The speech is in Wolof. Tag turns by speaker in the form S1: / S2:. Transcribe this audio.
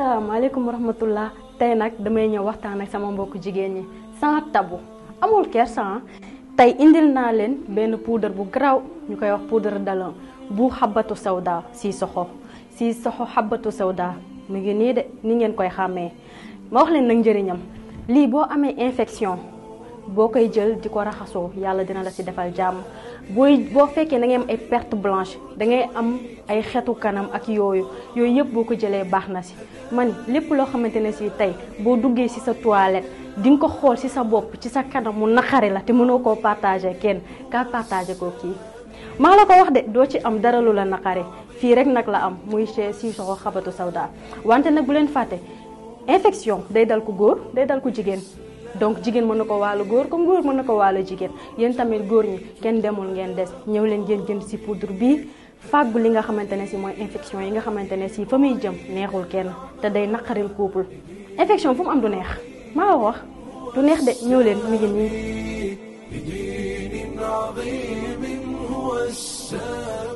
S1: asalaamaaleykum wa tey nag damay ñëw waxtaan ak sama mbokku jigéen ñi sans tabu amul kersan ah. tey indil naa leen benn puudar bu garaaw ñu koy wax puudar dalan bu xabatu sawda si soxo si soxo xabatu sawda mu ngi nii de ni ngeen koy xàmmee ma wax leen nag njëriñam lii boo amee infection boo koy jël di ko raxasoo yàlla dina la si defal jàmm booy boo fekkee da ngay am ay perte blanche dangay am ay xetu kanam ak yooyu yooyu yëpp boo ko jëlee baax na si man lépp loo xamante ne si tey boo duggee si sa toilette di nga ko xool si sa bopp ci sa kanam mu naqari la te mënoo koo partagé kenn ka partagé ko kii maa la ko wax de doo ci am dara lu la naqari fii rek nag la am muy chez Sissoko Habbatu Sauda wante nag bu leen fàtte infection day dal ku góor day jigéen donc jigéen mën na ko waalo góor comme góor mën na ko waalo jigéen yéen tamit góor ñi kenn demul ngeen des ñëw leen ngeen jënd si poudre bii fàggu li nga xamante ne si mooy infection yi nga xamante ne si fa muy jëm neexul kenn te day naqaril couple infection fu mu am du neex maa wax du neex de ñëw leen mi ngi
S2: nii